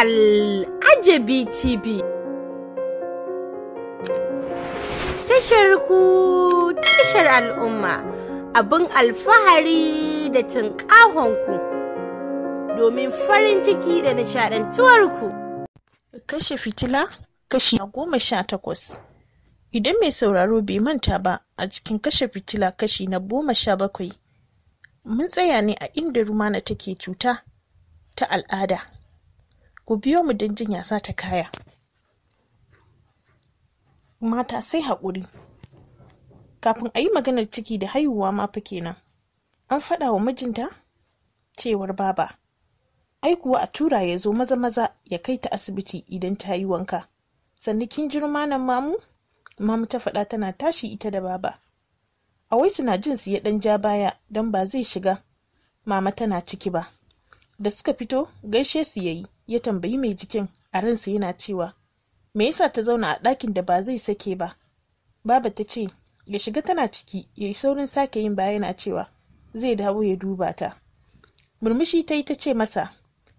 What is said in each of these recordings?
Al'ajabi TV. Tashar ku tashar al'umma abin alfahari da cin ku domin farin ciki da nishadantuwar ku. Kashe fitila kashi goma sha takwas. Idan mai sauraro bai manta ba a cikin kashe fitila kashi na goma sha bakwai, mun tsaya ne a inda rumana take cuta ta al'ada. ku biyo mu don jin ya ta kaya mata sai haƙuri kafin a yi maganar ciki da haihuwa ma fa kenan an faɗa wa mijinta cewar baba ai kuwa a tura ya zo maza maza ya kai ta asibiti idan ta yi wanka sannan kin jirma nan mamu mamu ta faɗa tana tashi ita da baba a wai suna jin su ya ɗan ja baya don ba zai shiga mama tana ciki ba da suka fito gaishe su yayi ya tambayi mai jikin a ransa yana cewa me yasa ta zauna a ɗakin da ba zai sake ba baba ta ce ya shiga tana ciki ya yi saurin sake yin baya yana cewa zai dawo ya duba ta murmushi ta yi ta ce masa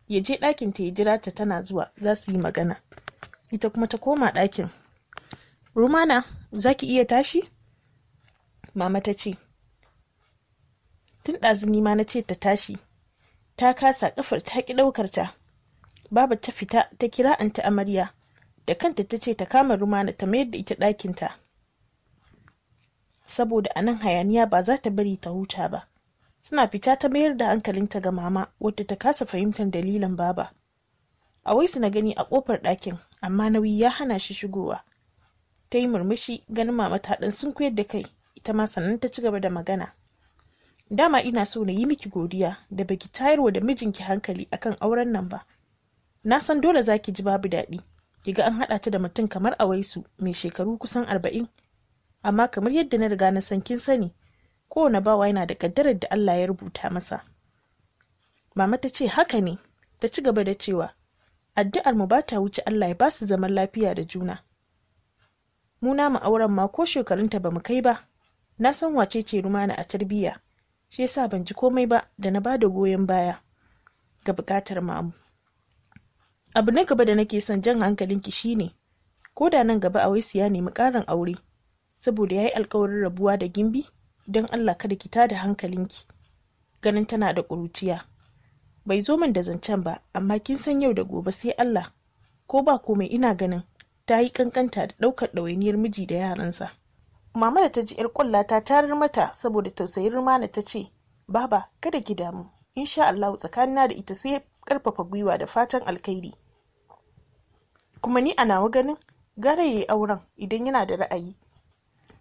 ya je ɗakin ta ya jira ta tana zuwa za su yi magana ita kuma ta koma ɗakin rumana za ki iya tashi mama ta ce tun ɗazu ma na ce ta tashi ta kasa kafar ta ki ɗaukar ta baba ta fita ta kira anta amarya da kanta ta ce ta kama rumana ta mayar da ita ta saboda anan hayaniya ba za ta bari ta huta ba suna fita ta mayar da hankalinta ga mama wadda ta kasa fahimtar dalilin baba a wai na gani a kofar ɗakin amma nauyi ya hana shi shigowa ta yi murmushi ganin mama ta ɗan sun da kai ita ma sannan ta ci gaba da magana dama ina so na yi miki godiya da baki tayarwa da mijinki hankali akan auren nan ba na san dole za ki ji babu daɗi ki ga an haɗa ta da mutum kamar awaisu mai shekaru kusan arba'in amma kamar yadda na riga na san kin sani kowane bawa yana da kaddarar da Allah ya rubuta masa mama ta ce haka ne ta ci gaba da cewa addu'ar mu ba ta wuce Allah ya ba su zaman lafiya da juna mu na mu auren ma ko shekarunta ba mu kai ba na san wace ce rumana a tarbiyya shi yasa ban ji komai ba da na ba da goyon baya ga bukatar mamu abu na gaba da nake son jan hankalinki shine ko da nan gaba a awaisu ya nemi ƙarin aure saboda ya yi alkawarin rabuwa da gimbi don allah kada ki tada hankalinki ganin tana da ƙuruciya bai zo min da zancen ba amma kin san yau da gobe sai allah ko ba komai ina ganin ta yi ƙanƙanta da ɗaukar ɗawainiyar miji da yaransa Mama da ta ji 'yar ƙulla ta tarar mata saboda tausayin rumana ta ce, Baba, kada ki damu, insha Allahu tsakanina da ita sai karfafa gwiwa da fatan alkhairi. Kuma ni a nawa ganin gara yayi auren idan yana da ra'ayi.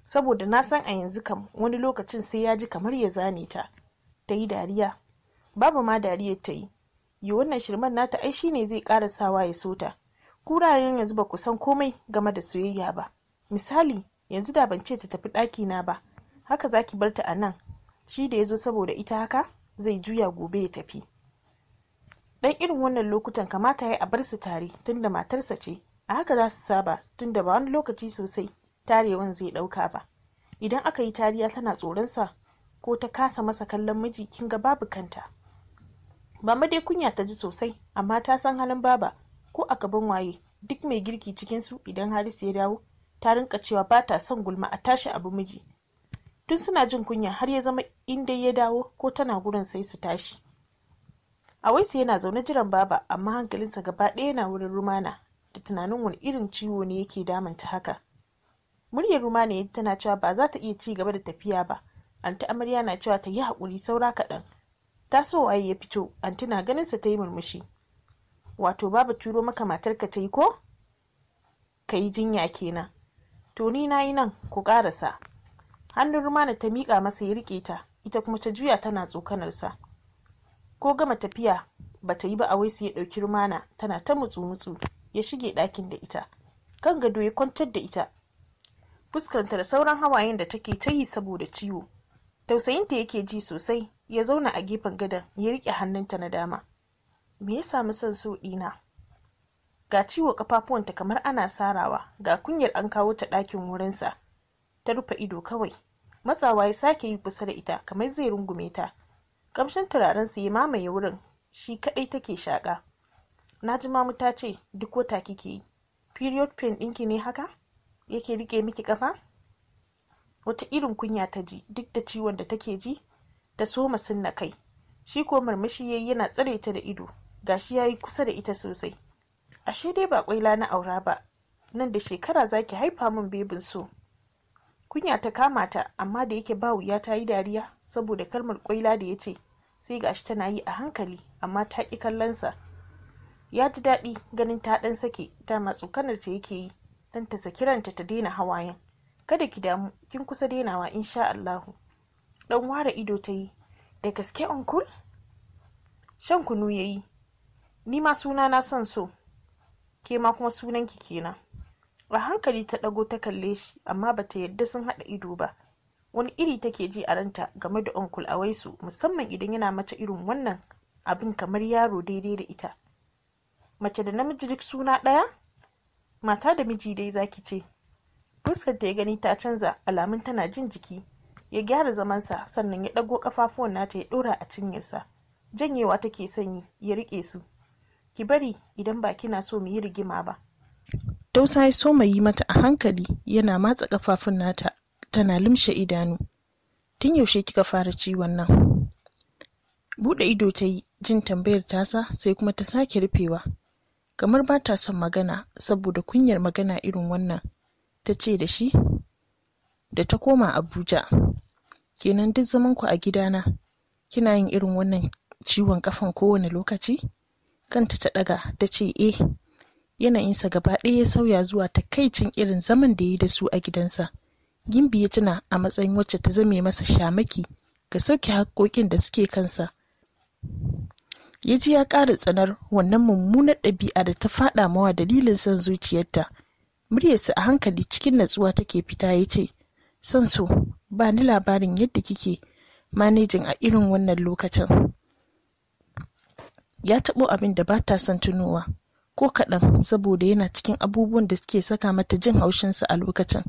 Saboda na san a yanzu kam wani lokacin sai ya ji kamar ya zane ta. Ta yi dariya. Baba ma dariyar ta yi. Yi wannan shirman nata ai shi ne zai ƙara sawa ya so ta. Kuraren yanzu ba ku san komai game da soyayya ba. Misali, yanzu da ban ce ta tafi ɗaki na ba haka zaki bar ta a nan shi da ya zo saboda ita haka zai juya gobe ya tafi ɗan irin wannan lokutan kamata ya a bar su tare tunda matarsa ce a haka za su saba tunda ba wani lokaci sosai tarewan zai ɗauka ba idan aka yi tariya tana tsoronsa ko ta kasa masa kallon miji kin ga babu kanta ma dai kunya ta ji sosai amma ta san halin baba ko a gaban waye duk mai girki cikin su idan harisu ya dawo ta rinka cewa ba ta son gulma a tashi abu miji tun suna jin kunya har ya zama inda ya dawo ko tana gurin sai su tashi A awaisu yana zaune jiran baba amma hankalinsa gaba ɗaya yana wurin rumana da tunanin wani irin ciwo ne yake damunta haka muryar rumana ya tana cewa ba za ta iya ci gaba da tafiya ba anti amarya na cewa ta yi haƙuri saura kaɗan waye ya fito anti na ganin ta yi murmushi wato babu turo maka matarka ta yi ko ka yi jinya kenan to ni na yi nan ku karasa hannun rumana ta miƙa masa ya riƙe ta ita kuma ta juya tana tsokanarsa ko gama tafiya ba ta yi ba a wai su ya ɗauki rumana tana ta mutsu mutsu ya shige ɗakin da ita kan gado ya kwantar da ita fuskanta da sauran hawayen da take ta yi saboda ciwo tausayinta yake ji sosai ya zauna a gefen gadon ya riƙe hannunta na dama me ya samu son so ɗina ga ciwo kafafuwanta kamar ana sarawa ga kunyar an kawo ta ɗakin wurinsa ta rufe ido kawai matsawa ya sake yi kusa da ita kamar zai rungume ta kamshin turaren su ya mamaye wurin shi kaɗai take shaƙa na ji mamu ta ce duk wata kike yi period pain ɗinki ne haka yake rike miki ƙafa? wata irin kunya ta ji duk da ciwon da take ji ta soma sunna kai shi ko marmashi yayi yana tsare ta da ido gashi yayi kusa da ita sosai ashe dai ba kwaila na aura ba nan da shekara ki haifa min bebin so kunya ta kama ta amma da yake ba wuya ta yi dariya saboda kalmar kwaila da ya ce sai ga shi tana yi a hankali amma ta ƙi kallonsa ya ji daɗi ganin ta ɗan sake matsu tsokanar ta yake yi don ta saki ranta ta daina hawayen kada ki damu kin kusa dainawa insha Allahu dan ware ido ta yi da gaske uncle shan kunu yayi ni ma suna na son so ke ma kuma sunanki kenan a hankali ta ɗago ta kalle shi amma bata yarda sun haɗa ido ba wani iri take ji a ranta game da onkul a waisu musamman idan yana mace irin wannan abin kamar yaro daidai da ita mace da namiji duk suna ɗaya mata da miji dai zaki ce fuskar ta ya gani ta canza alamun tana jin jiki ya gyara zamansa sannan ya ɗago ƙafafuwan nata ya ɗora a cinyarsa janyewa take sanyi ya riƙe su ki bari idan ba kina so mu yi rigima ba tausa ya so yi mata a hankali yana matsa kafafun nata tana limshe idanu tun yaushe kika fara ciwon nan buɗe ido ta yi jin tambayar tasa sai kuma ta sake rufewa kamar ba ta son magana saboda kunyar magana irin wannan ta ce da shi da ta koma abuja kenan duk zamanku a gidana kina yin irin wannan ciwon kafan kowane lokaci kanta ta ɗaga ta ce yanayin eh. yanayinsa gaba ɗaya ya sauya zuwa takaicin irin zaman da ya yi da su a gidansa gimbi ya tuna a matsayin wacce ta zame masa shamaki ga sauke haƙoƙin da suke kansa ya ji ya ƙara tsanar wannan mummunar ɗabi'a da ta faɗa mawa dalilin son zuciyarta muryarsa a hankali cikin natsuwa take fita ya ce son so ba ni labarin yadda kike manejin a irin wannan lokacin ya taɓo abin da ba ta son tunowa ko kaɗan saboda yana cikin abubuwan da suke saka mata jin haushinsa a lokacin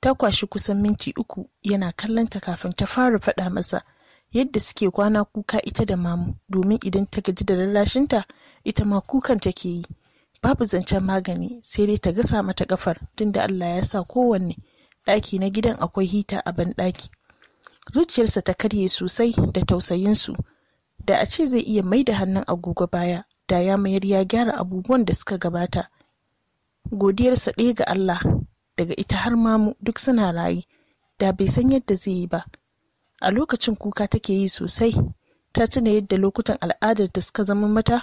ta kwashi kusan minti uku yana kallonta kafin ta fara faɗa masa yadda suke kwana kuka ita da mamu domin idan ta gaji da rarrashinta ita ma kukan take yi babu zancen magani sai dai ta gasa mata kafar tunda Allah ya sa kowanne ɗaki na gidan akwai hita a banɗaki zuciyarsa ta karye sosai da tausayinsu da a ce zai iya mai da hannun agogo baya da ya mayar ya gyara abubuwan da suka gabata godiyarsa ɗaya ga Allah daga ita har mamu duk suna rayu da bai san yadda zai yi ba a lokacin kuka take yi sosai ta tuna yadda lokutan al'adar da suka zama mata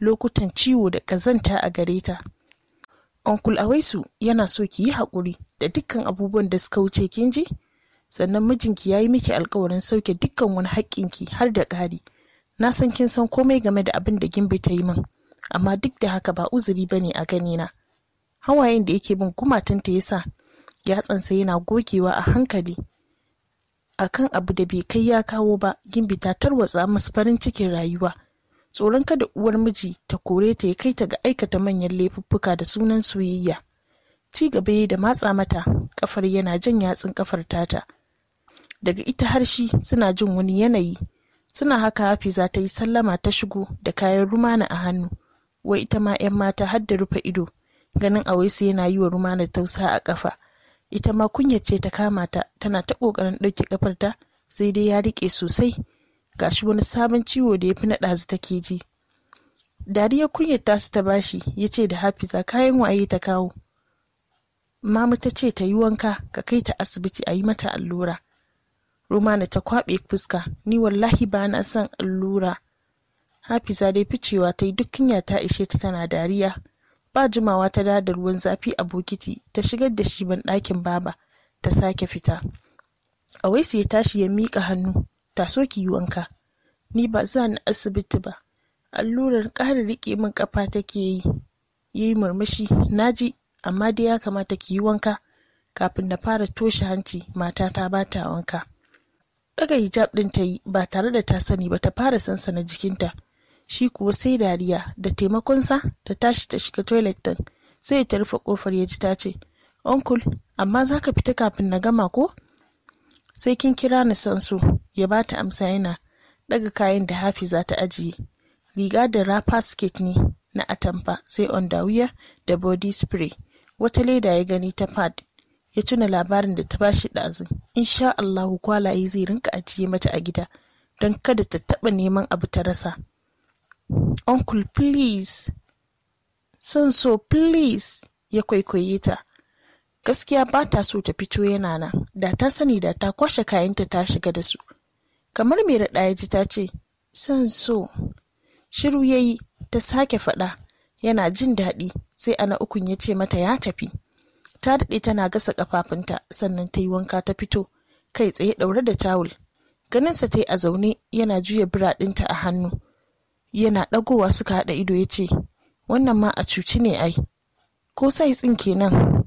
lokutan ciwo da ƙazanta a gare ta onkul awaisu yana so ki yi haƙuri da dukkan abubuwan da suka wuce kin ji sannan mijinki ya yi miki alkawarin sauke dukkan wani haƙƙinki har da ƙari na san kin san komai game da abin da gimbi ta yi min amma duk da haka ba uzuri ba ne a gani na. hawayen da yake bin yasa ya sa yatsansa yana gogewa a hankali akan abu da bai kai ya kawo ba gimbi ta tarwatsa masu farin cikin rayuwa tsoron kada uwar miji ta kore ta ya kai ta ga aikata manyan laifuffuka da sunan soyayya ci gaba da matsa mata kafar yana jan yatsun kafar tata daga ita har shi suna jin wani yanayi suna haka hafiza ta yi sallama ta shigo da kayan rumana a hannu wai ita ma 'yan mata har da rufe ido ganin awaisu yana yi wa rumana tausa a ƙafa. ita ma kunyar ce ta kama ta tana ta kokarin ɗauke kafar ta sai dai ya riƙe sosai gashi wani sabon ciwo da ya fi naɗa take ji dariya kunyar tasu ta bashi ya ce da hafiza kayan waye ta kawo mamu ta ce ta yi wanka ka kai ta asibiti a yi mata allura Rumana ta kwaɓe fuska, ni wallahi ba na son allura. Hafiza dai ficewa ta yi dukkan ya ta ishe ta tana dariya. Ba jimawa ta da da ruwan zafi a bokiti ta shigar da shi ban ɗakin baba ta sake fita. A wai ya tashi ya miƙa hannu, ta so ki yi wanka. Ni ba za ni asibiti ba. Allurar ƙara riƙe min ƙafa take yi. Ya yi murmushi, na ji, amma dai ya kamata ki yi wanka. Kafin na fara toshe hanci, matata ba ta wanka. Daga hijab din ta yi ba tare da ta sani ba ta fara sansana jikinta. Shi kuwa sai dariya da taimakonsa ta tashi ta shiga toilet din Sai ta rufe kofar ya ji ta ce, uncle amma za ka fita kafin na gama ko? Sai kin kira ni sansu ya ba ta amsa yana daga kayan da hafi za ta ajiye. Riga da rapa skirt ne na atamfa sai on da body spray. Wata leda ya gani ta pad ya tuna labarin da ta bashi ɗazu insha Allahu kwalaye zai rinka ajiye mata a gida don kada ta taɓa neman abu ta rasa uncle please son so please ya kwaikwaye ta gaskiya ba ta so ta fito yana nan da ta sani da ta kwashe kayanta ta shiga da su kamar mai raɗa ya ji ta ce son so shiru ya yi ta sake faɗa yana jin daɗi sai ana ukun ya ce mata ya tafi ta daɗe tana gasa ƙafafunta sannan ta yi wanka ta fito kai tsaye ɗaure da tawul ganinsa ta yi a zaune yana juya biraɗinta a hannu yana ɗagowa suka haɗa ido ya ce wannan ma a cuci ne ai ko sai tsin kenan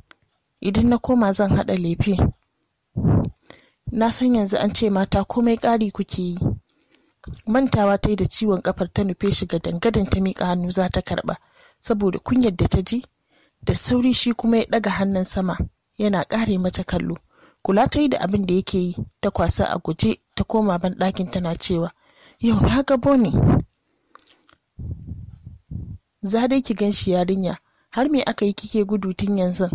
idan na koma zan haɗa lefe na san yanzu an ce mata komai ƙari kuke yi mantawa ta yi da ciwon ƙafar ta nufe shiga dangadan ta miƙa hannu za ta karɓa saboda kunyar da ta ji da sauri shi kuma ya ɗaga hannun sama yana ƙare mata kallo kula ta yi da abin da yake yi ta kwasa a guje ta koma ban ɗakin tana cewa yau na gabo ne za dai ki gan shi yarinya har me aka yi kike gudu tun yanzu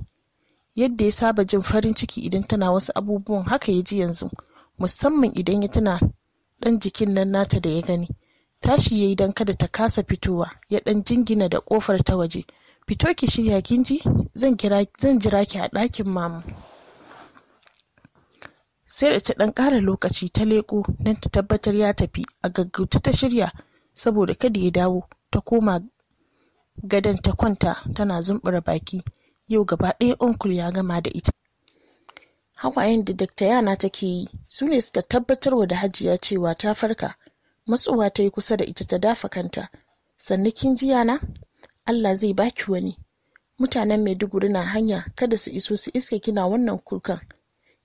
yadda ya saba jin farin ciki idan tana wasu abubuwan haka ya ji yanzu musamman idan ya tana ɗan jikin nan nata da ya gani tashi ya yi don kada ta kasa fitowa ya ɗan jingina da ƙofar ta waje fito ki shirya kin ji zan jira ki a ɗakin mamu sai da ta ɗan ƙara lokaci ta leƙo don ta tabbatar ya tafi a gaggauta ta shirya saboda kada ya dawo ta koma gadon ta kwanta tana zumbura baki yau gaba ɗaya onkul ya gama da ita hawayen da dakta yana take yi su ne suka tabbatarwa da hajiya cewa ta farka matsuwa ta yi kusa da ita ta dafa kanta sannan kin ji yana Allah zai baki wani. Mutanen Maiduguri na hanya kada su iso su iske kina wannan kurkan.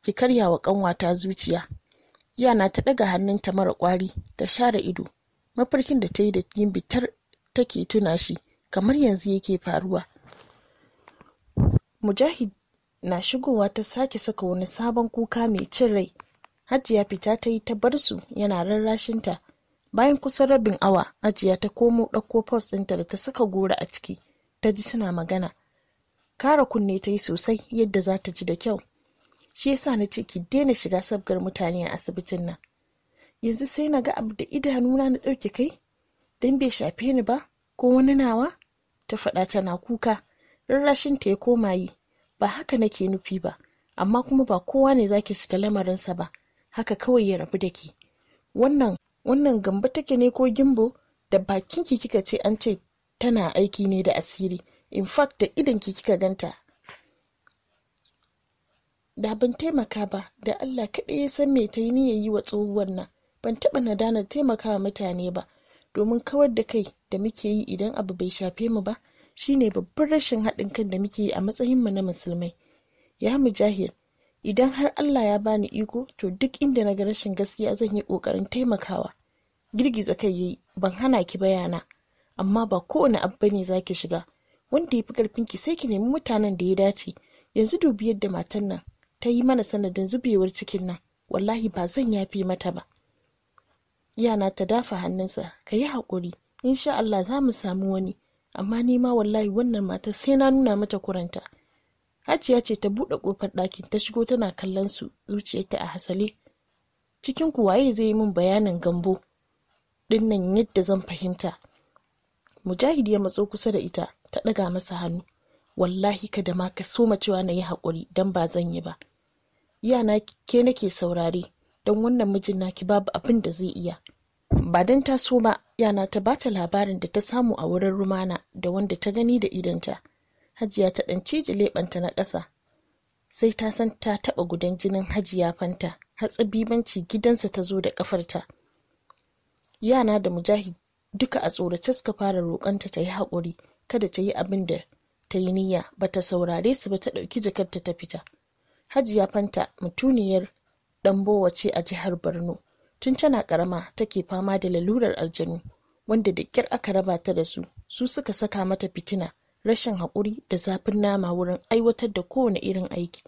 Ki karya wa ƙanwata zuciya. Yana ta ɗaga hannunta mara ƙwari ta share ido. Mafarkin da ta yi da yin bitar take tuna shi kamar yanzu yake faruwa. Mujahid na shigowa ta sake saka wani sabon kuka mai cin rai. Hajiya fita ta yi ta bar su yana rarrashinta. ta. bayan kusan rabin awa ajiya ta komo ɗauko pos ɗinta da ta saka gora a ciki ta ji suna magana kara kunne ta yi sosai yadda za ta ji da kyau shi yasa na ce ki daina shiga sabgar mutane a asibitin nan yanzu sai na ga abu da idanuna na ɗauke kai don bai shafe ni ba ko wani nawa ta faɗa tana kuka rarrashin ta ya koma yi ba haka nake nufi ba amma kuma ba kowa ne zaki shiga lamarinsa ba haka kawai ya rabu da ke wannan wannan gamba take ne ko gimbo da bakinki kika ce an ce tana aiki ne da asiri in fact da idanki kika ganta da ban taimaka ba da allah kaɗai ya san me ta yi niyyar yi wa tsohuwar nan ban taɓa nadanar taimakawa mutane ba domin kawar da kai da muke yi idan abu bai shafe mu ba shine babban rashin haɗin kan da muke yi a matsayin mu na musulmai ya mujahid idan har Allah ya bani iko to duk inda na ga rashin gaskiya zan yi ƙoƙarin taimakawa girgiza kai yayi ban hana ki bayana amma ba kowane abu bane zaki shiga wanda ya fi karfin ki sai ki nemi mutanen da ya dace yanzu dubi yadda matan nan ta yi mana sanadin zubewar cikin nan wallahi ba zan yafi mata ba yana ta dafa hannunsa ka yi haƙuri insha Allah za mu samu wani amma nima wallahi wannan matar sai na nuna mata kuranta Hajiya ce ta buɗe ƙofar ɗakin ta shigo tana kallon su zuciyarta a hasale. Cikin ku waye zai yi min bayanin gambo ɗinnan yadda zan fahimta. Mujahid ya matso kusa da ita ta ɗaga masa hannu. Wallahi ka da ma ka soma cewa na yi haƙuri don ba zan yi ba. Yana ke nake saurare don wannan mijin naki babu abin da zai iya. Ba don ta so ba yana ta bata labarin da ta samu a wurin rumana da wanda ta gani da idanta. hajiya ta ɗan cije leɓanta na ƙasa sai ta san ta taɓa gudan jinin hajiya fanta hatsabibanci gidansa ta zo da ƙafarta yana da mujahid duka a tsorace suka fara roƙonta ta yi haƙuri kada ta yi abin da ta yi niyya ba ta saurare su ba ta ɗauki jakarta ta fita hajiya fanta mutuniyar ɗanbowa ce a jihar borno tun tana ƙarama take fama da lalurar aljanu wanda da ƙyar aka raba ta da su su suka saka mata fitina rashin haƙuri da zafin nama wurin aiwatar da kowane irin aiki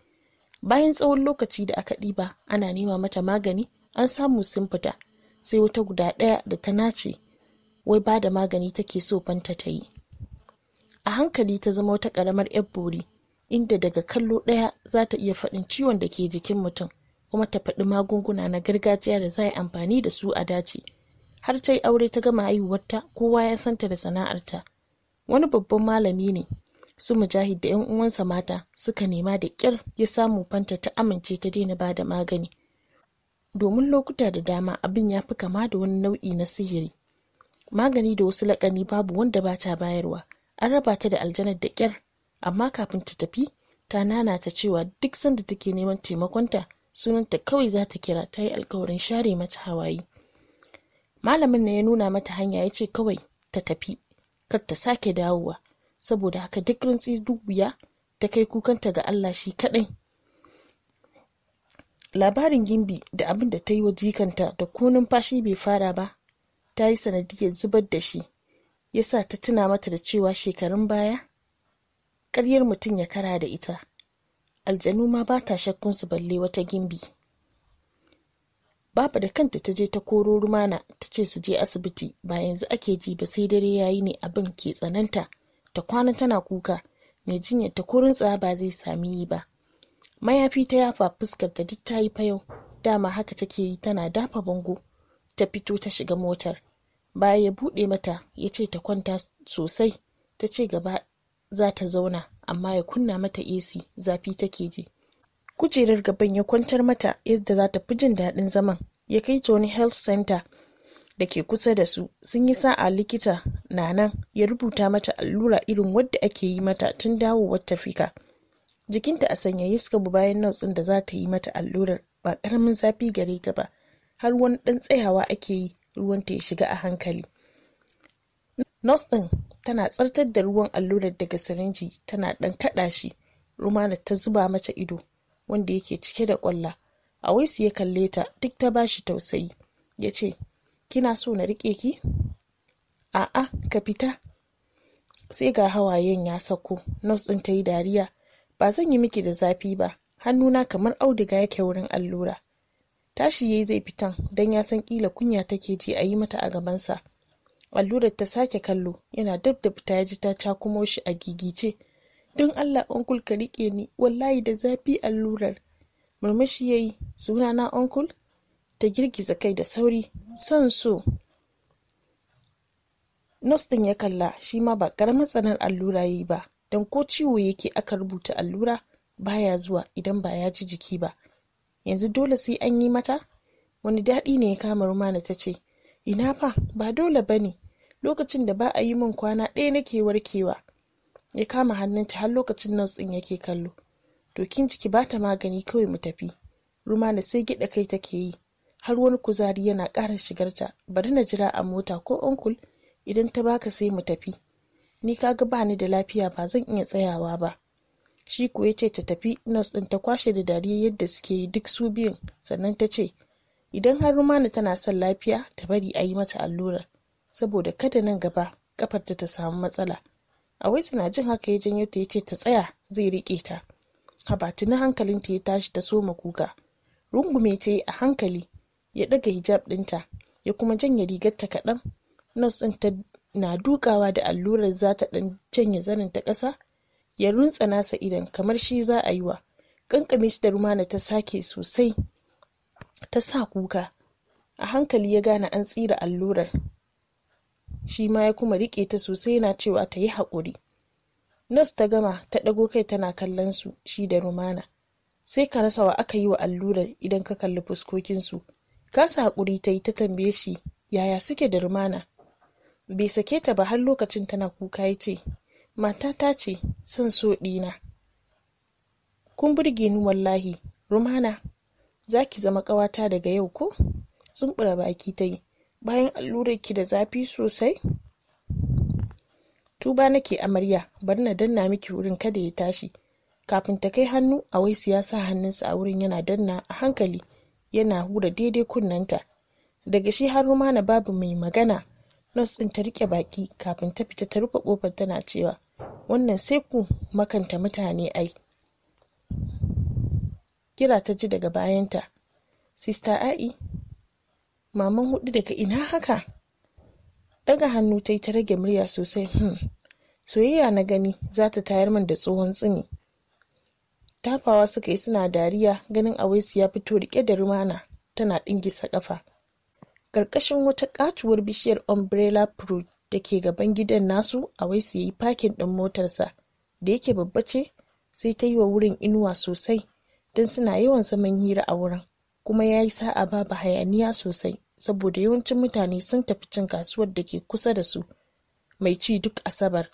bayan tsawon lokaci da aka ɗiba ana nema mata magani an samu sun fita sai wata guda ɗaya da ta nace wai ba da magani take so fanta ta yi a hankali ta zama wata ƙaramar yar bori inda daga kallo ɗaya za ta iya faɗin ciwon da ke jikin mutum kuma ta faɗi magunguna na gargajiya da za a yi amfani da su a dace har ta yi aure ta gama haihuwarta kowa ya santa da sana'arta wani babban malami ne su mujahid da 'yan uwansa mata suka nema da kyar, ya samu fanta ta amince ta daina ba da magani domin lokuta da dama abin ya fi kama da wani nau'i na sihiri magani da wasu laƙani babu wanda ba ta bayarwa an raba ta da aljanar da kyar, amma kafin ta tafi ta nanata cewa duk sanda take neman taimakonta sunanta kawai za ta kira ta yi alkawarin share mata hawaye malamin na ya nuna mata hanya ya ce kawai ta tafi kar ta sake dawowa saboda haka duk rintsi duk wuya ta kai kukanta ga Allah shi kaɗai. Labarin Gimbi da abin da ta yi wa jikanta da ko numfashi bai fara ba, ta yi sanadiyar zubar da shi, ya sa ta tuna mata da cewa shekarun baya, ƙaryar mutum ya kara da ita, aljanu ma ba ta shakkunsu balle wata Gimbi. Baba da kanta ta je ta koro rumana ta ce su je asibiti ba yanzu ake ji ba sai dare yayi ne abin ke tsananta ta kwana tana kuka mai jinyar ta korin tsaya ba zai sami yi ba. Mayafi ta yafa fuskar ta duk ta yi fayau dama haka take yi tana dafa bango ta fito ta shiga motar. ba ya buɗe mata ya ce ta kwanta sosai ta ce gaba za ta zauna amma ya kunna mata AC zafi take ji. kujerar gaban ya kwantar mata yadda za ta fi jin daɗin zaman ya kai ta wani health center da ke kusa da su sun yi sa'a likita na nan ya rubuta mata allura irin wadda ake yi mata tun dawowar tafika jikinta a sanya suka bu bayan nautsin da za ta yi mata allurar ba ƙaramin zafi gare ta ba har wani ɗan tsayawa ake yi ruwan ta ya shiga a hankali nos ɗin tana tsartar da ruwan allurar daga sirinji tana ɗan kaɗa shi rumana ta zuba mata ido wanda yake cike da ƙwalla su ya kalle ta duk ta bashi tausayi ya ce kina so na riƙe ki a'a ka fita sai ga hawayen ya sako nos ɗin ta yi dariya ba zan yi miki da zafi ba hannuna kamar auduga yake wurin allura tashi yayi zai fitan dan ya san kila kunya take ji a yi mata a gabansa allurar ta sake kallo yana dab da fita ya ji ta cakumo shi a gigice don Allah onkul ka riƙe ni wallahi da zafi allurar murmushi ya yi na onkul ta girgiza kai da sauri son so nos ɗin ya kalla shi ma ba ƙaramin tsanar allura ya yi ba don ko ciwo yake aka rubuta allura baya zuwa idan ba ya ji jiki ba yanzu dole sai an yi mata wani daɗi ne ya kama rumana ta ce ina fa ba dole ba ne lokacin da ba a yi min kwana ɗaya nake warkewa ya kama hannunta har lokacin nan ɗin yake kallo to kin jiki ba ta magani kawai mu tafi rumana sai gida kai take yi har wani kuzari yana ƙara shigarta bari na jira a mota ko onkul idan ta baka sai mu tafi ni kaga ba ni da lafiya ba zan iya tsayawa ba shi kuwa ce ta tafi nurse ɗin ta kwashe da dariya yadda suke yi duk su biyun sannan ta ce idan har rumana tana son lafiya ta bari a yi mata allura saboda kada nan gaba kafarta ta samu matsala awaisu na jin haka ya janyo ta yace ta tsaya zai riƙe ta haba tuni hankalin ta ya tashi ta soma kuka rungume ta yi a hankali ya ɗaga hijab ɗinta ya kuma janye ta kaɗan nos ɗin ta na dukawa da allurar za ta ɗan janye zanin ta ƙasa ya runtsa nasa idan kamar shi za a yi wa ƙanƙame shi da rumana ta sake sosai ta sa kuka a hankali ya gane an tsira allurar shi ma ya kuma riƙe ta sosai yana cewa ta yi haƙuri nos ta gama ta ɗago kai tana kallon su shi da rumana sai ka rasa wa aka yi wa allurar idan ka kalli fuskokinsu kasa haƙuri ta yi ta tambaye shi yaya suke da rumana bai sake ta ba har lokacin tana kuka ya ce matata ce son so ɗina kun burge ni wallahi rumana za ki zama ƙawata daga yau ko tsumbura baki ta yi bayan allurar ki da zafi sosai tuba nake amarya bari na danna miki wurin kada ya tashi kafin ta kai hannu a waisu ya sa hannunsa a wurin yana danna a hankali yana hura daidai kunnanta daga shi har na babu mai magana nos ɗin ta rike baki kafin ta fita ta rufe kofar tana cewa wannan sai ku makanta mutane ai kira ta ji daga bayanta sista ai maman hudu daga ina haka daga hannu ta yi ta rage murya sosai hmm. soyayya na gani za ta tayar min da tsohon tsini tafawa suka yi suna dariya ganin awaisu ya fito rike da rumana tana ɗingisa ƙafa ƙarƙashin wata katuwar bishiyar umbrella pro da ke gaban gidan nasu awaisu ya yi pakin ɗin motarsa da yake babba ce sai ta yi wa wurin inuwa sosai don suna yawan zaman hira a wurin kuma ya yi sa'a babu hayaniya sosai saboda yawancin mutane sun tafi cin kasuwar da ke kusa da su mai ci duk asabar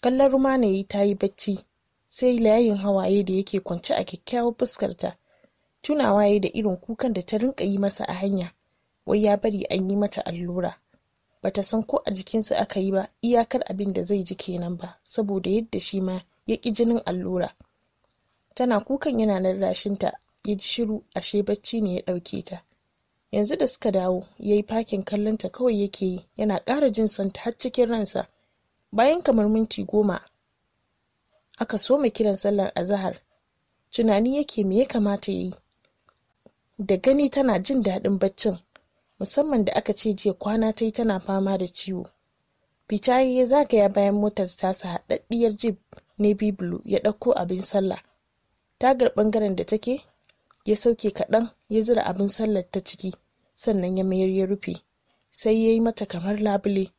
kallon rumanayi ta yi bacci sai layin hawaye da yake kwance a kyakkyawar fuskarta tunawa ya da irin kukan da ta rinka yi masa a hanya wai ya bari an yi mata allura bata san ko a jikinsa aka yi ba iyakar abin da zai ji kenan ba saboda yadda shi ma ya ƙi jinin allura tana kukan yana nan rashinta, ya ji shiru ashe bacci ne ya ɗauke ta yanzu da suka dawo ya yi fakin kallonta kawai yake yi yana ƙara jin santa har cikin ransa bayan kamar minti goma aka soma kiran sallar azahar tunani yake me ya kamata ya yi da gani tana jin daɗin baccin musamman da aka ce jiya kwana ta yi tana fama da ciwo fita ya zagaya bayan motar tasa haɗaɗɗiyar jib navy blue ya ɗauko abin sallah tagar ɓangaren da take ya sauke kaɗan ya zura abin sallar ta ciki sannan ya mayar ya rufe sai ya yi mata kamar labule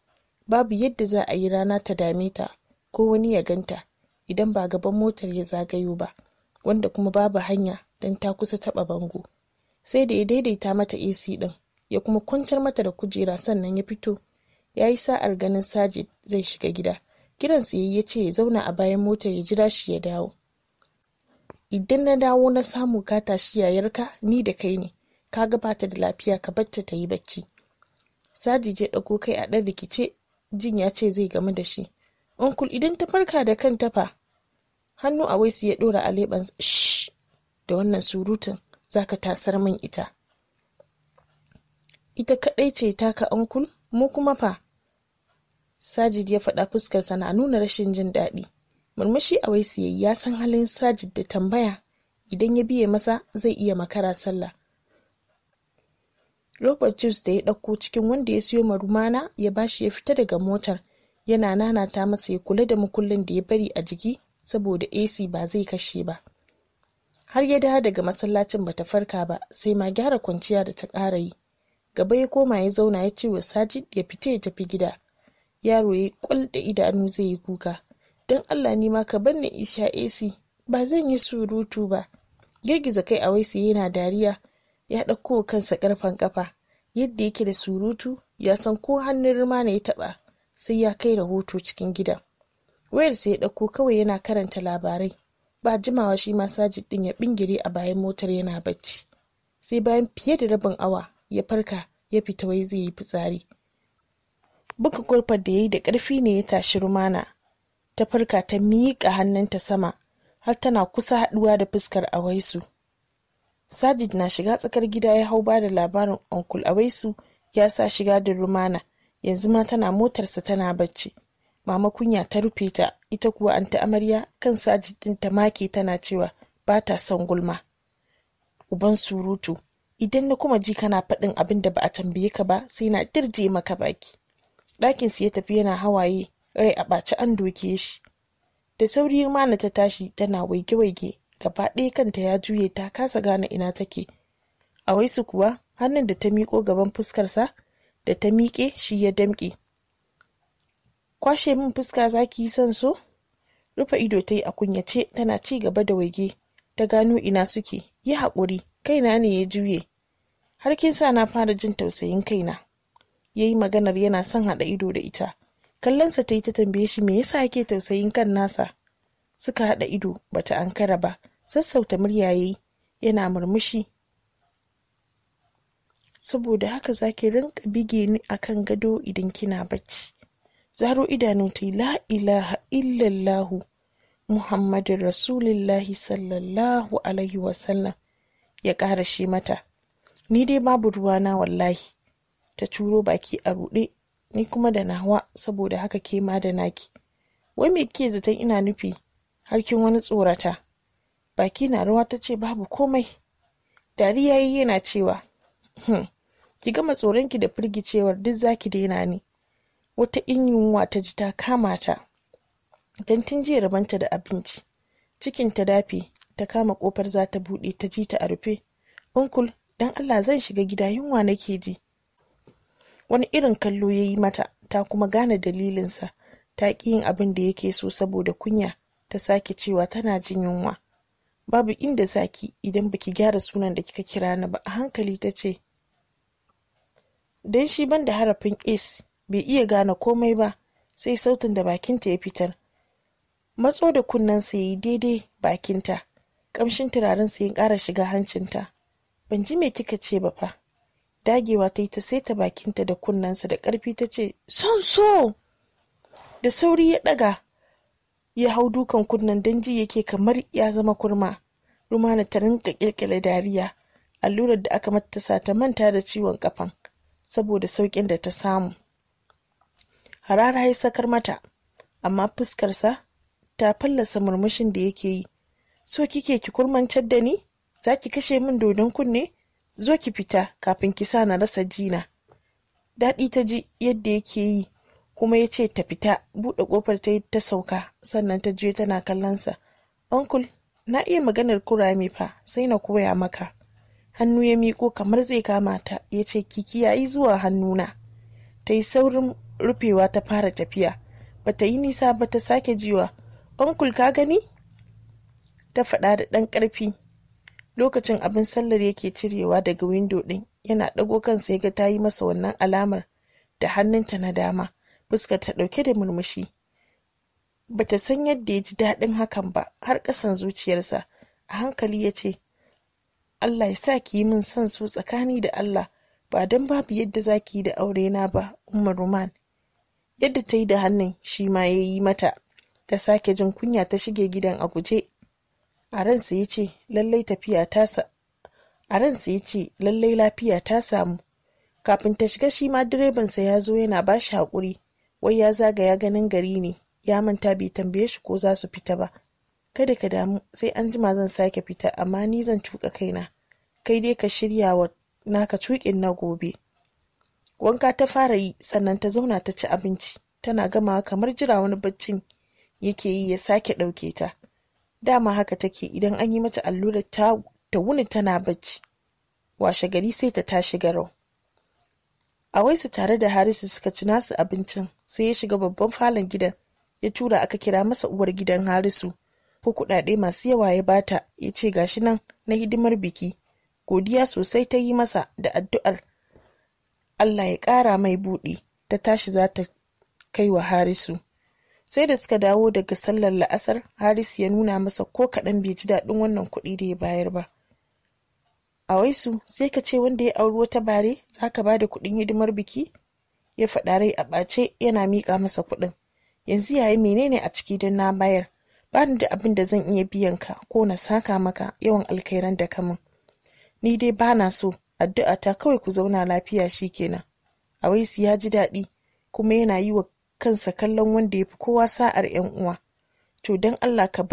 babu yadda za a yi rana ta dame ta ko wani ya ganta idan ba gaban motar ya zagayo ba wanda kuma babu hanya don ta kusa taɓa bango sai da ya daidaita mata ac ɗin ya kuma kwantar mata da kujera sannan ya fito ya yi sa'ar ganin sajid zai shiga gida kiransa ya ce ya zauna a bayan motar ya jira shi ya dawo Idan na dawo na samu ka tashi yayarka ni da kai ne, ka gabata da lafiya ka bacci ta yi bacci. je ɗauko kai a ɗan rikice jin ya ce zai gamu da shi. Onkul idan ta farka da kanta fa hannu a waisu ya ɗora a leban da wannan surutun zaka tasar min ita. Ita kadai ce taka onkul mu kuma fa. Sajid ya faɗa fuskarsa na nuna rashin jin daɗi. murmushi a wai yayi ya san halin sajid da tambaya idan ya biye masa zai iya makara sallah robert da ya ɗauko cikin wanda ya siyo marumana ya bashi ya fita daga motar yana nanata masa ya kula da mukullin da ya bari a jiki saboda ac ba zai kashe ba har ya dawo daga masallacin bata farka ba sai ma gyara kwanciya da ta ƙara yi gaba ya koma ya zauna ya ce wa sajid ya fita ya tafi gida yaro ya kul da idanu zai yi kuka don Allah ni ma ka bar ni in sha AC ba zan yi surutu ba girgiza kai a wai waisi yana dariya ya ɗauko kansa ƙarfen ƙafa yadda yake da surutu ya san ko hannun rima ne ya taɓa sai ya kai rahoto cikin gida wayar sai ya ɗauko kawai yana karanta labarai ba jimawa shi ma sajid ɗin ya bingire a bayan motar yana bacci sai bayan fiye da rabin awa ya farka ya fita wai zai yi fitsari buga kurfar da ya yi da ƙarfi ne ya tashi rumana ta farka ta miƙa hannunta sama har tana kusa haɗuwa da fuskar awaisu sajid na shiga tsakar gida ya hau ba da labarin onkul awaisu ya sa shiga da rumana yanzu ma tana motarsa tana bacci mama kunya ta rufe ta ita kuwa an amarya kan sajid ɗin ta make tana cewa ba ta son gulma uban surutu idan na kuma ji kana faɗin abin da ba a tambaye ka ba sai na dirje maka baki ɗakin ya tafi yana hawaye rai a ɓaci an doke shi da sauri mana ta tashi tana waige-waige gaba ɗaya kanta ya juye ta kasa gane ina take a waisu kuwa hannun da ta miƙo gaban fuskarsa da ta miƙe shi ya damƙe kwashe min fuska za ki yi son so rufe ido ta yi a kunyace tana ci gaba da waige ta gano ina suke yi haƙuri kaina ne ya juye har kin sa na fara jin tausayin kaina ya yi maganar yana son haɗa ido da ita kallonsa ta yi ta tambaye shi me yasa yake tausayin kan nasa suka haɗa ido bata ankara ba sassauta murya yayi yana murmushi saboda haka zaki rinka bige ni akan gado idan kina bacci zaro idanu ta yi la ilaha illallahu muhammadin rasulillahi sallallahu alaihi wasallam ya ƙara shi mata ni dai babu ruwana wallahi ta turo baki a ruɗe ni kuma da nawa saboda haka ke ma da naki wai me kike zaton ina nufi harkin wani tsorata baki na rawa ta ce babu komai dariya yi yana cewa hmm, ki gama tsoronki da firgicewar duk zaki daina ni wata in yunwa ta ji ta kama ta don tun jiya rabanta da abinci cikin ta dafe ta kama kofar za ta buɗe ta ji ta a rufe unkul dan allah zan shiga gida yunwa nake ji wani irin kallo ya yi mata ta kuma gane dalilinsa ta ƙi yin abin da yake so saboda kunya ta sake cewa tana jin yunwa babu inda zaki idan baki gyara sunan da kika kira ni ba a hankali ta ce don shi ban da harafin ace bai iya gane komai ba sai sautin da bakinta ya fitar matso da kunnensa ya yi daidai bakinta ƙamshin turarensa ya ƙara shiga hancinta ban ji me kika ce ba fa dagewa ta yi ta saita bakinta da kunnensa da ƙarfi ta ce son so da sauri ya ɗaga ya hau dukan kunnen don ji yake kamar ya zama kurma rumana ta rinka ƙirƙira dariya allurar da aka mata ta manta da ciwon kafan saboda sauƙin da ta samu harara ya sakar mata amma fuskarsa ta fallasa murmushin da yake yi so kike ki kurmancar da ni za ki kashe min dodon kunne zo ki fita kafin ki sa na rasa jina daɗi ta ji yadda yake yi kuma ya ce ta fita buɗe ƙofar ta yi ta sauka sannan ta juyo tana kallonsa onkul na iya maganar kurame fa sai na koya maka hannu ya miƙo kamar zai kama ta ya ce ki kiyayi zuwa hannuna ta yi saurin rufewa ta fara tafiya ba ta yi nisa ba ta sake jiwa onkul ka gani ta faɗa da ɗan ƙarfi lokacin abin sallar yake cirewa daga windo ɗin yana ɗago kansa ya ga ta yi masa wannan alamar da hannunta na dama fuska ta ɗauke da murmushi ba ta san yadda ya ji daɗin hakan ba har ƙasan zuciyarsa a hankali ya ce Allah ya sa ki yi min son su tsakani da Allah ba don babu yadda za ki yi da aure na ba Umar Ruman yadda ta yi da hannun shi ma ya yi mata ta sake jin kunya ta shige gidan a guje a ransa ya ce lallai lafiya ta samu kafin ta shiga shi ma direbansa ya zo yana ba shi haƙuri wai ya zagaya ganin gari ne ya manta bai tambaye shi ko za su fita ba kada ka damu sai an jima zan sake fita amma ni zan tuka kaina kai dai ka shirya wa naka tuƙin na gobe wanka ta fara yi sannan ta zauna ta ci abinci tana gamawa kamar jira wani baccin yake yi ya sake ɗauke ta dama haka take idan an yi mata allurar ta ta wuni tana bacci washe gari sai ta tashi garau a waisu tare da harisu suka ci nasu abincin sai ya shiga babban falon gidan ya tura aka kira masa uwar gidan harisu ko kuɗaɗe masu yawa ya bata ya ce gashi nan na hidimar biki godiya sosai ta yi masa da addu'ar allah ya ƙara mai buɗe ta tashi za ta kai wa harisu sai da suka dawo daga sallar la'asar haris ya nuna masa ko kaɗan bai ji daɗin wannan kuɗi da ya bayar ba a waisu sai ka ce wanda ya auri wata bare za ka ba da kuɗin hidimar biki ya faɗa rai a ɓace yana miƙa masa kuɗin yanzu yayi menene a ciki don na bayar ba da abin da zan iya biyan ka ko na saka maka yawan alkairan da kamun ni dai ba na so addu'a ta kawai ku zauna lafiya shi kenan awaisu ya ji daɗi kuma yana yi wa kansa kallon wanda ya fi kowa sa'ar ‘yan uwa, to don Allah ka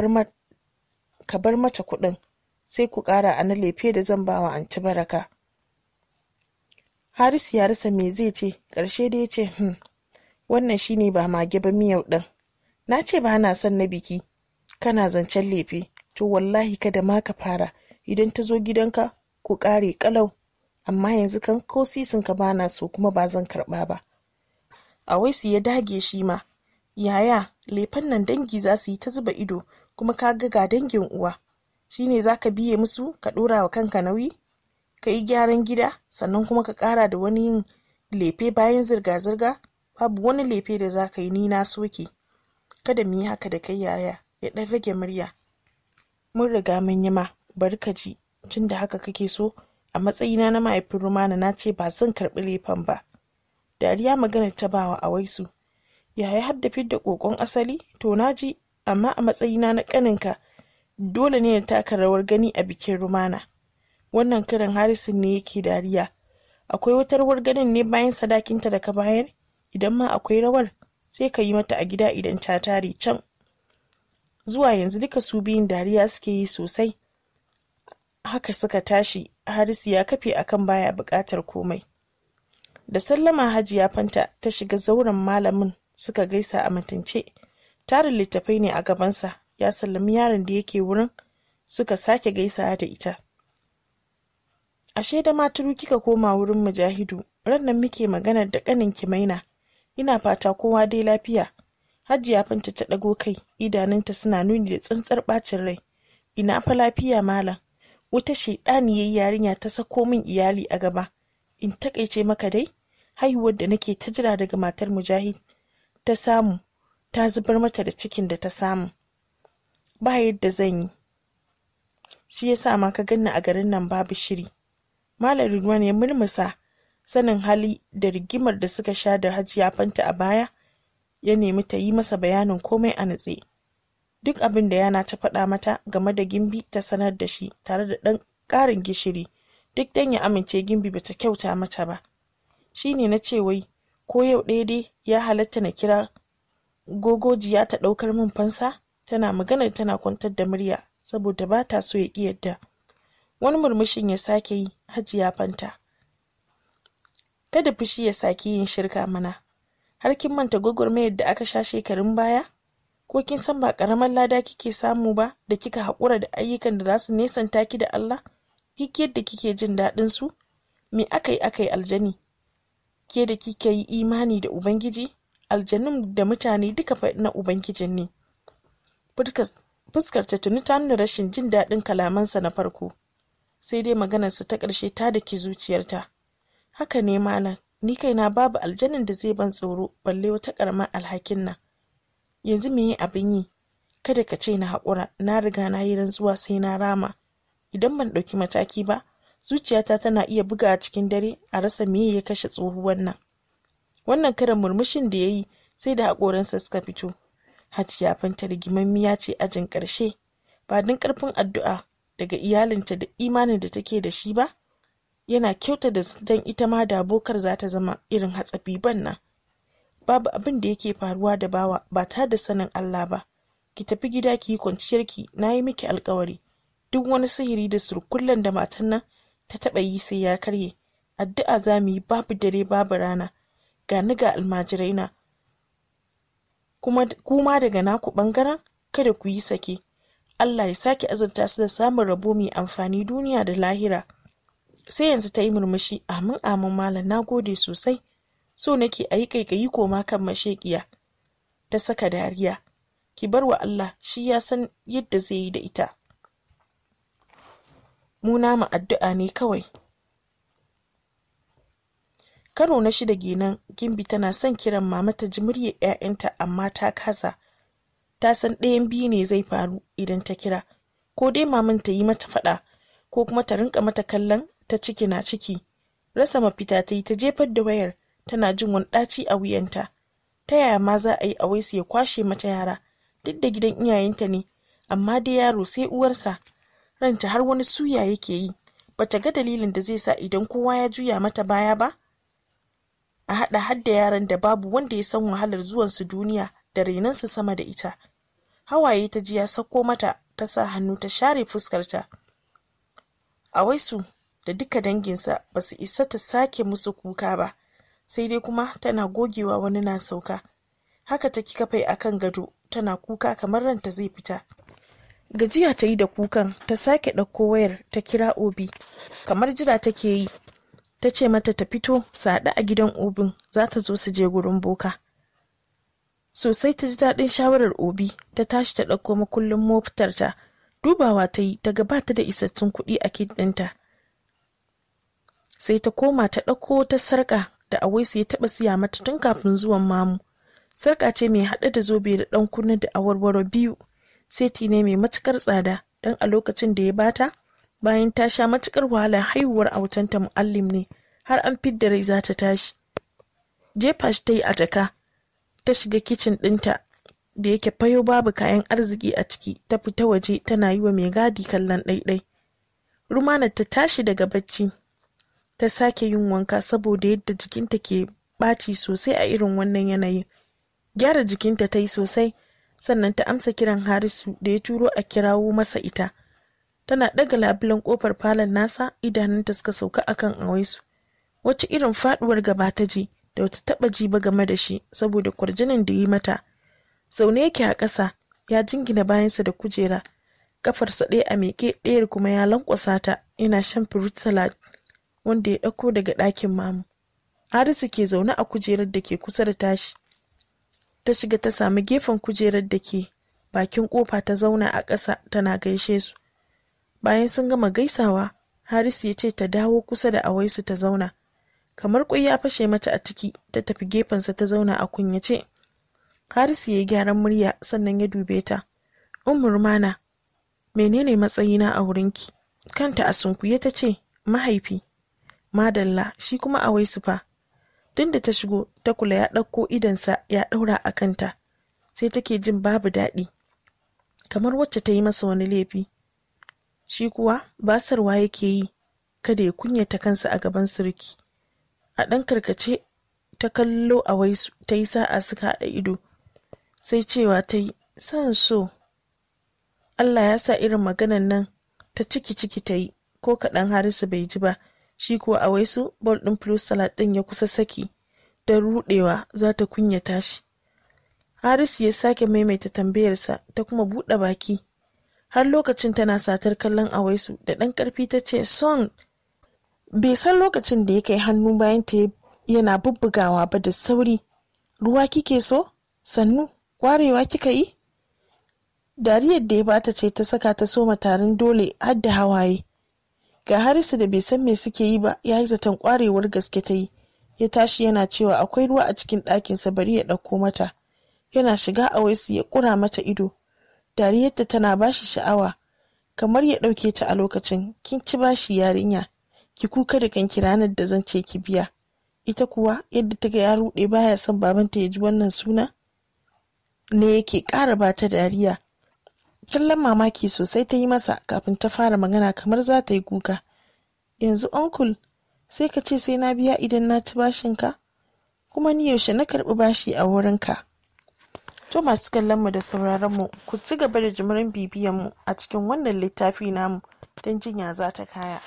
bar mata kuɗin, sai ku ƙara a na lefe da zan bawa anti baraka. Harisu ya rasa me zai ce, ƙarshe da ya ce, hmm, wannan shine ba mage ba miyau ɗin. Na ce ba na son na biki, kana zancen lefe, to wallahi kada ma ka fara, idan ta zo gidanka ku ƙare ƙalau, amma yanzu kan ko sisinka ba na so kuma ba zan karɓa ba. a su ya dage shi ma. Yaya, lefan nan dangi za su yi ta zuba ido kuma ka ga ga dangin uwa. Shi ne za ka biye musu ka ɗora wa kanka nauyi? Ka yi gyaran gida sannan kuma ka ƙara da wani yin lefe bayan zirga-zirga? Babu wani lefe da za ka yi ni na soke. Kada mu yi haka da kai yaya, ya ɗan rage murya. Mun riga mun yi ma, bari ka ji, tun haka kake so, a matsayina na mahaifin Rumana na ce ba zan karɓi lefen ba. Dariya magana ta bawa waisu Yaya har da kokon asali? To naji amma a matsayina na kaninka dole ne na taka rawar gani a bikin rumana. Wannan karin Harisun ne yake dariya. Akwai wutarwar ganin ne bayan sadakinta da ka bayar? Idan ma akwai rawar, sai ka yi mata a gida idan ta tare can. Zuwa yanzu duka su biyun dariya suke yi sosai. Haka suka tashi, Harisu ya kafe akan baya bukatar komai. Da sallama hajiya fanta ta shiga zauren malamin suka gaisa a mutunce. Tarin littafai ne a gabansa ya sallami yaron da yake wurin suka sake gaisa da ita. Ashe da maturu kika koma wurin mujahidu rannan muke maganar da kanin kimaina ina fata kowa dai lafiya. Hajiya fanta ta ɗago kai idanunta suna nuni da tsantsar bacin rai. Ina fa lafiya malam. Wata yayi yarinya ta sako min iyali a gaba. In takaice maka dai haihuwar da nake ta jira daga matar mujahid ta samu ta zubar mata da cikin da ta samu ba yadda zan yi shi ya sa ma ka ganna a garin nan babu shiri malam ruwan ya murmusa sanin hali da rigimar da suka sha da hajiya fanta a baya ya nemi ta yi masa bayanin komai a natse duk abin da yana ta faɗa mata game da gimbi ta sanar da shi tare da ɗan ƙarin gishiri duk dan ya amince gimbi bata kyauta mata ba Shi ne na ce wai, ko yau ɗaya ya halatta na kira gogojiya ta ɗaukar min fansa? Tana maganar tana kwantar da murya saboda ba ta so ya ƙi yadda. Wani murmushin ya sake yi, ya fanta. Kada fushi ya sake yin shirka mana. Har kin manta gwagwarmayar da aka sha shekarun baya? Ko kin san ba karamar lada kike samu ba da kika haƙura da ayyukan da za su nesanta ki da Allah? Kike yadda kike jin daɗin su? Me aka yi aka yi aljani? ke da kike yi imani da Ubangiji, aljanun da mutane duka na Ubangijin ne. Fuskar ta tuni ta nuna rashin jin daɗin kalamansa na farko, sai dai maganarsa ta ƙarshe ta da ki zuciyarta. Haka ne mana, ni kaina babu aljanin da zai ban tsoro balle wata ƙaramar alhakin nan. Yanzu me abin yi? Kada ka ce na haƙura, na riga na yi rantsuwa sai na rama. Idan ban ɗauki mataki ba, zuciyata tana iya buga a cikin dare a rasa meye ya kashe tsohuwan nan wannan karan murmushin da ya yi sai da haƙoransa suka fito hajiya fanta rigimammiya ce ajin ƙarshe ba don ƙarfin addu'a daga iyalinta da imanin da take da shi ba yana kyauta da dan ita ma da abokar za ta zama irin hatsafi ban nan babu abin da yake faruwa da bawa ba ta da sanin Allah ba ki tafi gida ki yi kwanciyarki na yi miki alkawari duk wani sihiri da surkullen da matan nan ta taɓa yi sai ya karye addu'a za mu yi babu dare babu rana ga ni ga almajirai na kuma kuma daga naku ɓangaren kada ku yi sake Allah ya sake azurta su da samun rabo mai amfani duniya da lahira sai yanzu ta yi murmushi amin amin malam na gode sosai so nake a yi kaikayi koma kan mashekiya ta saka dariya ki bar wa Allah shi ya san yadda zai yi da ita mu namu addu'a ne kawai karo na shida kenan gimbi tana son kiran mama ta ji murya 'ya'yanta amma ta kasa ta san ɗayan biyu ne zai faru idan ta kira ko dai maman ta yi mata faɗa ko kuma ta rinka mata kallon ta ciki na ciki rasa mafita ta yi ta jefar da wayar tana jin wani ɗaci a wuyanta ta yaya ma za a yi a wai su ya kwashe mata yara duk da gidan iyayenta ne amma dai yaro sai uwarsa ranta har wani suya yake yi bata ga dalilin da zai sa idan kowa ya juya mata baya ba a haɗa har da yaran da babu wanda ya san wahalar zuwansu duniya da renansu sama da ita hawaye ta ji ya sako mata ta sa hannu ta share fuskarta a waisu da duka danginsa ba su isa ta sake musu kuka ba sai dai kuma tana gogewa wani na sauka haka ta kafai kan gado tana kuka kamar ranta zai fita gajiya ta yi da kukan ta sake ɗauko wayar ta kira obi kamar jira take yi ta ce mata ta fito su a gidan obin za ta zo su je gurin boka sosai ta ji daɗin shawarar obi ta tashi ta ɗauko makullin mofitarta dubawa ta yi ta da isassun kuɗi a ɗinta sai ta koma ta ɗauko ta sarƙa da awaisu ya taɓa siya mata tun kafin zuwan mamu sarƙa ce mai haɗe da zobe da ɗan kunne da awarwaro biyu seti ne mai matukar tsada don a lokacin da ya bata bayan ta sha matukar wahala haihuwar ta mu'allim ne har an fidda rai za ta tashi jefa shi ta yi a jaka ta shiga kicin ɗinta da yake fayo babu kayan arziki a ciki ta fita waje tana yi wa mai gadi kallon ɗaiɗai rumana ta tashi daga bacci ta sake yin wanka saboda yadda jikinta ke ɓaci sosai a irin wannan yanayin gyara jikinta ta yi sosai sannan ta amsa kiran harisu da ya turo a kirawo masa ita tana ɗaga labulen ƙofar falon nasa idanunta suka sauka akan awaisu wacce irin faɗuwar gaba ta ji da wata taɓa ji ba game da shi saboda kwarjinin da yi mata zaune yake a ƙasa ya jingina bayansa da kujera kafarsa ɗaya a ƙe ɗayar kuma ya lankwasa ta yana shan fruit salad wanda ya ɗauko daga ɗakin mamu harisu ke zaune a kujerar da ke kusa da tashi ta shiga ta sami gefen kujerar da ke bakin kofa ta zauna a ƙasa tana gaishe su bayan sun gama gaisawa harisu ya ce ta dawo kusa da awaisu ta zauna kamar kwai ya fashe mata a ciki ta tafi gefensa ta zauna a kunyace harisu ya yi gyaran murya sannan ya dube ta umurmana menene matsayi na a wurinki kanta a sunkuye ta ce mahaifi madalla shi kuma awaisu fa tunda ta shigo ta kula ya ɗauko idonsa ya ɗaura a kanta sai take jin babu daɗi kamar wacce ta yi masa wani laifi shi kuwa basarwa yake yi kada ya kunyata kansa a gaban sirki a ɗan karkace ta kallo a waisu ta yi sa'a suka haɗa ido sai cewa ta yi san so Allah ya sa irin maganan nan ta ciki ciki ta yi ko kaɗan harisu bai ji ba shi kuwa a waisu bol ɗin plus salat ɗin ya kusa saki don ruɗewa za ta kunyata shi harisu ya sake maimaita tambayarsa ta kuma buɗe baki har lokacin tana satar kallon a waisu da ɗan ƙarfi ta ce son bai san lokacin da ya kai hannu bayan ta yana bubbugawa ba da sauri ruwa kike so sannu kwarewa kika yi dariyar da ya bata ce ta saka ta soma tarin dole har da hawaye ga harisu da bai san me suke yi ba ya yi zaton kwarewar gaske ta yi ya tashi yana cewa akwai ruwa a cikin ɗakinsa bari ya ɗauko mata yana shiga a waisu ya ƙura mata ido dariyarta tana bashi sha'awa kamar ya ɗauke ta a lokacin kin ci bashi yarinya ki kuka da kanki ranar da zan ce ki biya ita kuwa yadda ta ga ya ruɗe baya son babanta ya ji wannan suna ne yake ƙara bata dariya kallon mamaki sosai ta yi masa kafin ta fara magana kamar za ta yi kuka yanzu onkul sai ka ce sai na biya idan na ci bashinka kuma ni yaushe na karɓi bashi a wurinka to masu kallon mu da sauraron mu ku ci gaba da jimirin bibiyan a cikin wannan littafi namu don jinya za ta kaya